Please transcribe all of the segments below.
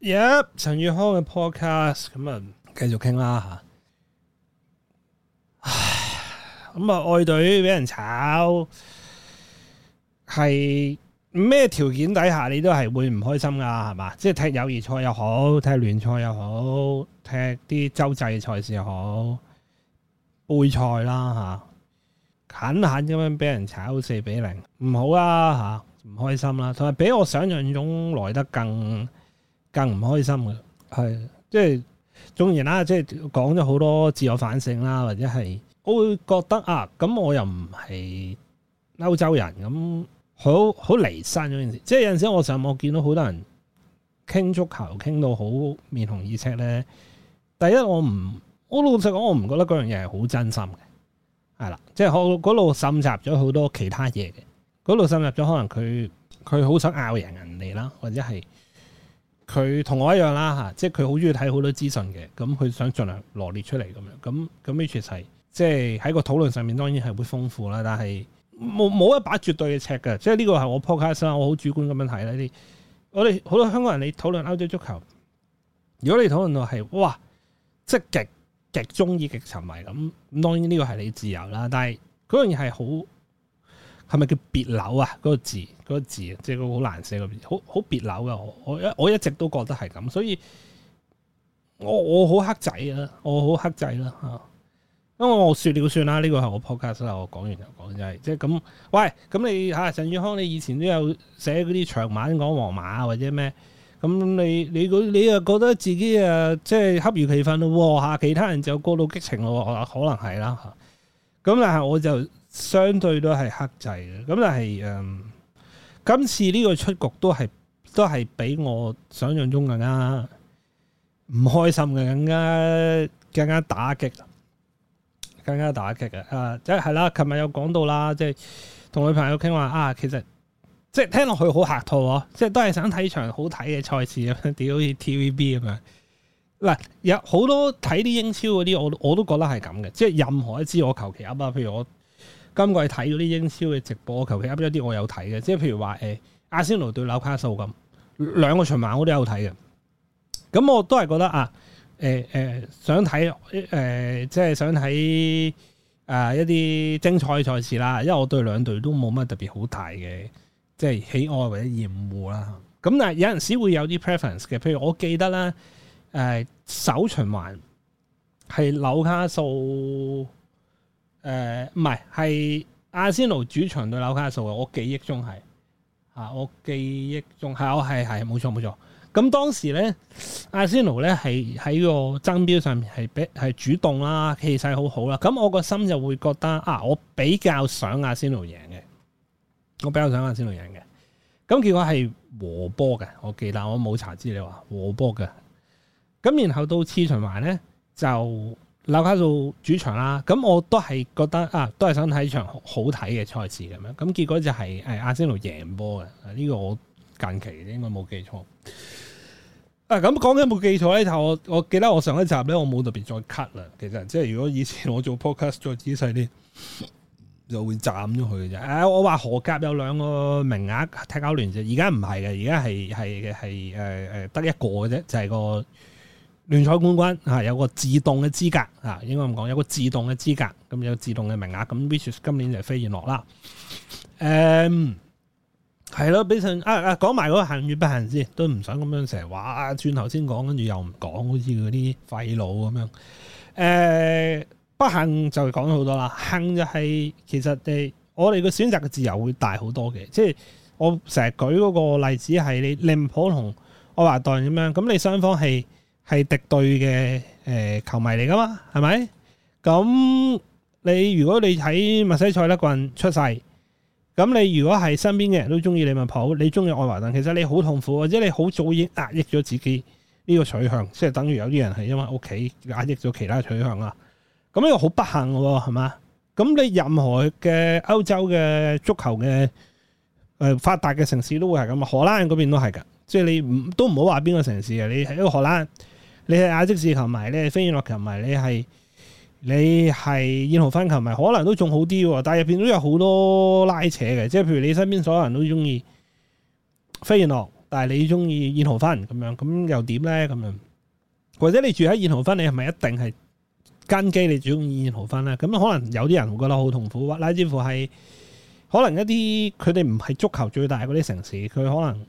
耶！陳宇康嘅 podcast 咁啊，繼續傾啦吓。唉，咁啊，愛隊俾人炒，係咩條件底下你都係會唔開心噶，係嘛？即係踢友誼賽又好，踢聯賽又好，踢啲洲際賽事又好，杯賽啦吓，狠狠咁樣俾人炒四比零，啊，唔好啦吓，唔開心啦，啊。同埋比我想象中來得更。更唔開心嘅，係即係總言啦，即係講咗好多自我反省啦，或者係我會覺得啊，咁我又唔係歐洲人，咁好好離身嗰件事，即係有陣時候我上網見到好多人傾足球，傾到好面紅耳赤咧。第一，我唔我老實講，我唔覺得嗰樣嘢係好真心嘅，係啦，即係我嗰度滲入咗好多其他嘢嘅，嗰度滲入咗可能佢佢好想拗贏人哋啦，或者係。佢同我一樣啦嚇，即係佢好中意睇好多資訊嘅，咁佢想盡量羅列出嚟咁樣，咁咁 which is 即係喺個討論上面當然係會豐富啦，但係冇冇一把絕對嘅尺㗎，即係呢個係我 podcast 啦，我好主觀咁樣睇呢啲，我哋好多香港人你討論歐洲足球，如果你討論到係哇，即係極中意極極沉迷咁，咁當然呢個係你自由啦，但係嗰樣嘢係好。係咪叫別扭啊？嗰、那個字，嗰、那個字，即、那、係個好難寫個字，好好別扭㗎。我一我一直都覺得係咁，所以我我好黑仔啊，我好黑仔啦吓。因、嗯、為、嗯、我說了算了算啦，呢、這個係我 podcast 啦，我講完就講就係即係咁。喂，咁你吓陳、啊、宇康，你以前都有寫嗰啲長文講皇馬或者咩？咁你你你又覺得自己啊，即係恰如其分咯吓，其他人就過度激情咯，可能係啦吓。咁、嗯、但係我就。相對都係克制嘅，咁但係誒，今次呢個出局都係都係比我想象中更加唔開心嘅，更加更加打擊，更加打擊嘅啊！即係係啦，琴日有講到啦，即係同女朋友傾話啊，其實即係、就是、聽落去好客套、就是、是好啊，即係都係想睇場好睇嘅賽事咁屌，好似 TVB 咁樣。嗱，有好多睇啲英超嗰啲，我我都覺得係咁嘅，即、就、係、是、任何一支我求其噏啊，譬如我。今季睇到啲英超嘅直播，求其噏咗啲我有睇嘅，即係譬如話，誒，阿仙奴對紐卡素咁，兩個循環我都有睇嘅，咁我都係覺得啊，誒、呃、誒想睇誒、呃，即係想睇啊、呃呃、一啲精彩嘅賽事啦，因為我對兩隊都冇乜特別好大嘅，即係喜愛或者厭惡啦。咁但係有陣時會有啲 preference 嘅，譬如我記得啦，誒、呃、首循環係紐卡素。誒，唔係，係阿仙奴主場對紐卡素嘅，我記憶中係嚇、啊，我記憶中係我係係，冇錯冇錯。咁當時咧，阿仙奴咧係喺個爭標上面係比係主動啦，氣勢好好啦。咁我個心就會覺得啊，我比較想阿仙奴贏嘅，我比較想阿仙奴贏嘅。咁結果係和波嘅，我記得，我冇查資料話，和波嘅。咁然後到次循環咧就。紐卡素主場啦，咁我都係覺得啊，都係想睇場好睇嘅賽事咁樣，咁結果就係誒阿仙奴贏波嘅，呢、呢個我近期應該冇記錯。啊，咁講緊冇記錯咧，但我我記得我上一集咧，我冇特別再 cut 啦。其實即係如果以前我做 podcast 再仔細啲，就會斬咗佢嘅啫。誒、啊，我話荷甲有兩個名額踢歐聯啫，而家唔係嘅，而家係係嘅係誒誒得一個嘅啫，就係、係、個。聯賽冠軍嚇有個自動嘅資格嚇，應該咁講有個自動嘅資格，咁有自動嘅名額，咁 which s 今年就係飛燕諾啦。誒，係咯，俾陳啊啊講埋嗰個幸與不幸先，都唔想咁樣成日話轉頭先講，跟住又唔講，好似嗰啲廢佬咁樣。誒，不, uh, 不幸就講咗好多啦，幸就係、係、其實係我哋嘅選擇嘅自由會大好多嘅，即係我成日舉嗰個例子係你利物浦同愛華頓咁樣，咁你雙方係。係敵對嘅，誒、呃、球迷嚟噶嘛，係咪？咁你，你，你如果你喺墨西塞德郡出世，咁你如果係身邊嘅人都中意利物浦，你中意愛華頓，其實你好痛苦，或者你好早已經壓抑咗自己呢個取向，即、就、係、是、等於有啲人係因為屋企壓抑咗其他取向啦。咁呢個好不幸嘅，係嘛？咁你任何嘅歐洲嘅足球嘅誒、呃、發達嘅城市都會係咁啊，荷蘭嗰邊都係噶，即係你唔都唔好話邊個城市啊，你喺個荷蘭。你係亞積士球迷咧，你係飛燕諾球迷，你係你係燕豪芬球迷，可能都仲好啲，但係入邊都有好多拉扯嘅，即係譬如你身邊所有人都中意飛燕諾，但係你中意燕豪芬咁樣，咁又點呢？咁樣？或者你住喺燕豪芬，你係咪一定係跟機你中意燕豪芬呢？咁可能有啲人會覺得好痛苦，或者甚至乎係可能一啲佢哋唔係足球最大嗰啲城市，佢可能。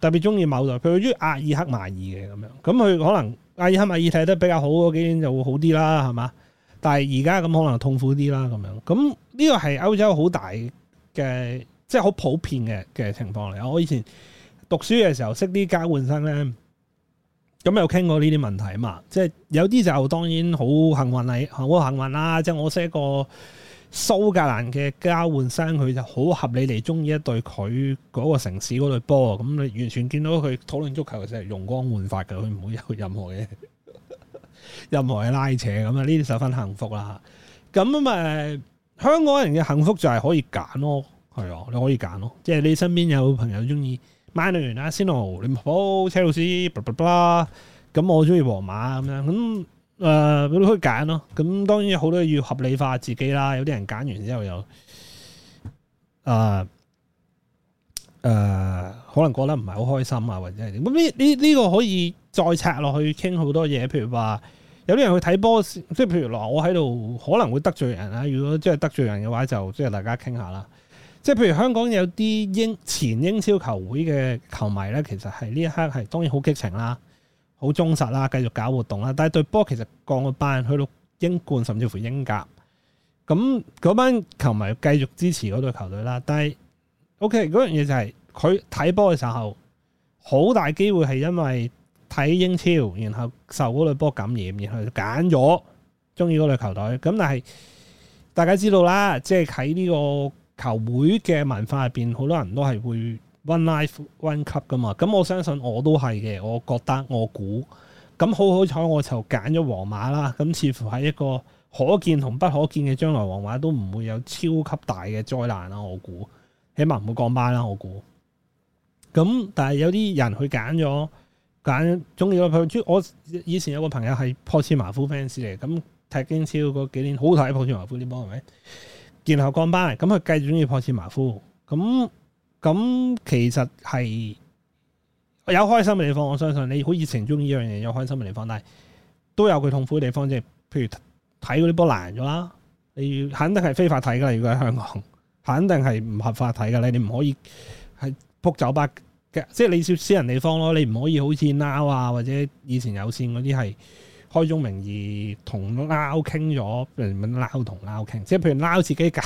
特別中意某度，譬如於阿爾克馬爾嘅咁樣，咁佢可能阿爾克馬爾睇得比較好嗰幾年就會好啲啦，係嘛？但係而家咁可能痛苦啲啦，咁樣。咁呢個係歐洲好大嘅，即係好普遍嘅嘅情況嚟。我以前讀書嘅時候識啲交換生咧，咁有傾過呢啲問題啊嘛。即係有啲就當然好幸運啦，好幸運啦，即係我識一個。蘇格蘭嘅交換生，佢就好合理地中意一隊佢嗰個城市嗰隊波，咁你完全見到佢討論足球就係容光煥發嘅，佢唔會有任何嘅任何嘅拉扯咁啊！呢啲十分幸福啦！咁誒、嗯，香港人嘅幸福就係可以揀咯，係啊，你可以揀咯，即係你身邊有朋友中意曼聯啊、阿仙奴、利物浦、車路士啦，咁我中意皇馬咁樣咁。誒，咁佢揀咯，咁當然有好多人要合理化自己啦。有啲人揀完之後又，誒、呃、誒、呃，可能過得唔係好開心啊，或者點？咁呢呢個可以再拆落去傾好多嘢，譬如話有啲人去睇波，即係譬如話我喺度可能會得罪人啊。如果真係得罪人嘅話，就即係大家傾下啦。即係譬如香港有啲英前英超球會嘅球迷咧，其實係呢一刻係當然好激情啦。好忠實啦，繼續搞活動啦，但係對波其實降個班，去到英冠甚至乎英甲，咁嗰班球迷繼續支持嗰隊球隊啦。但係，OK 嗰樣嘢就係佢睇波嘅時候，好大機會係因為睇英超，然後受嗰隊波感染，然後就揀咗中意嗰隊球隊。咁但係大家知道啦，即係喺呢個球會嘅文化入邊，好多人都係會。one life one cup 㗎嘛，咁我相信我都係嘅，我覺得我估，咁好好彩我就揀咗皇馬啦，咁似乎喺一個可見同不可見嘅將來，皇馬都唔會有超級大嘅災難啦，我估，起碼唔會降班啦，我估。咁但係有啲人佢揀咗揀中意，譬如我以前有個朋友係破次麻夫 fans 嚟，咁踢英超嗰幾年好睇破次麻夫啲波係咪？然後降班，咁佢繼續中意破次麻夫，咁。咁其實係有開心嘅地方，我相信你好熱情中意呢樣嘢，有開心嘅地方，但係都有佢痛苦嘅地方，即係譬如睇嗰啲波爛咗啦，你肯定係非法睇噶啦。如果喺香港，肯定係唔合法睇噶啦。你唔可以係撲酒吧嘅，即係你少私人地方咯。你唔可以好似 now 啊，或者以前有線嗰啲係。開宗明義同撈傾咗，例同撈傾，即係譬如撈自己搞，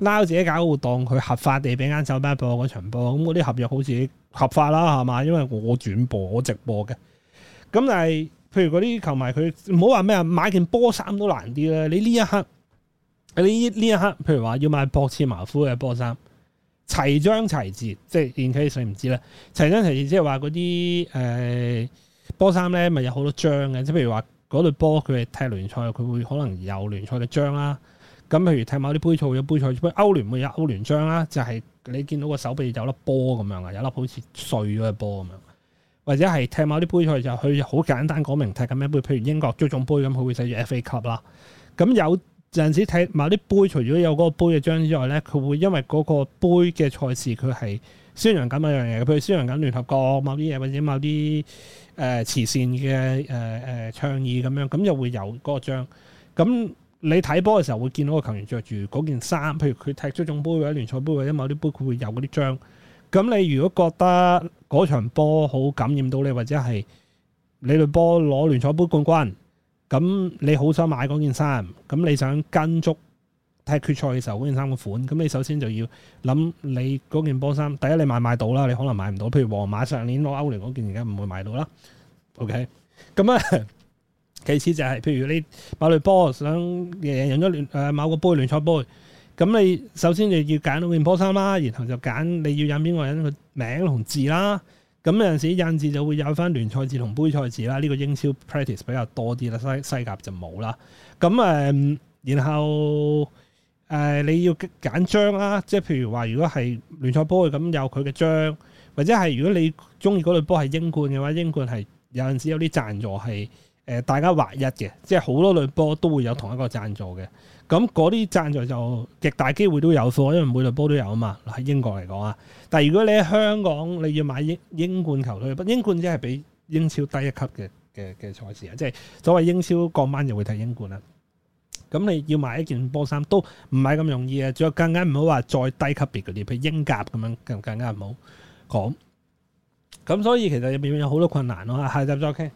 撈自己搞活動，佢合法地俾間酒吧播嗰場波，咁嗰啲合約好似合法啦，係嘛？因為我轉播，我直播嘅。咁但係，譬如嗰啲球迷佢唔好話咩，買件波衫都難啲啦。你呢一刻，你呢一刻，譬如話要買博切馬夫嘅波衫，齊章齊字，即係點解你唔知咧？齊章齊字即係話嗰啲誒波衫咧，咪、呃、有好多章嘅，即係譬如話。嗰隊波佢係踢聯賽，佢會可能有聯賽嘅章啦。咁譬如踢某啲杯賽，有杯賽杯歐聯會有歐聯章啦。就係、是、你見到個手臂有粒波咁樣啊，有粒好似碎咗嘅波咁樣。或者係踢某啲杯賽就佢、是、好簡單講明踢緊咩杯，譬如英國足總杯咁，佢會寫住 FA Cup 啦。咁有陣時睇某啲杯，除咗有嗰個杯嘅章之外咧，佢會因為嗰個杯嘅賽事佢係。宣揚緊某樣嘢，譬如宣揚緊聯合國某啲嘢，或者某啲誒慈善嘅誒誒倡議咁樣，咁又會有嗰個章。咁你睇波嘅時候會見到個球員着住嗰件衫，譬如佢踢足總杯或者聯賽杯或者某啲杯，佢會有嗰啲章。咁你如果覺得嗰場波好感染到你，或者係你隊波攞聯賽杯冠軍，咁你好想買嗰件衫，咁你想跟足。踢決賽嘅時候嗰件衫個款，咁你首先就要諗你嗰件波衫。第一你買唔買到啦？你可能買唔到。譬如皇馬上年攞歐聯嗰件，而家唔會買到啦。OK，咁啊，其次就係、是、譬如你某隊波想贏贏咗誒某個杯聯賽杯，咁你首先就要揀到件波衫啦，然後就揀你要印邊個人個名同字啦。咁有陣時印字就會有翻聯賽字同杯賽字啦。呢、這個英超 practice 比較多啲啦，西西甲就冇啦。咁誒、嗯，然後。誒、呃、你要揀章啦，即係譬如話，如果係聯賽波嘅咁有佢嘅章，或者係如果你中意嗰隊波係英冠嘅話，英冠係有陣時有啲贊助係誒大家劃一嘅，即係好多隊波都會有同一個贊助嘅。咁嗰啲贊助就極大機會都有貨，因為每隊波都有啊嘛。喺英國嚟講啊，但係如果你喺香港，你要買英英冠球隊，英冠即係比英超低一級嘅嘅嘅賽事啊，即係所謂英超降班就會睇英冠啦。咁你要買一件波衫都唔係咁容易啊，仲有更加唔好話再低級別嘅、啲，譬如英甲咁樣，更更加唔好講。咁所以其實入面有好多困難咯，下集再傾。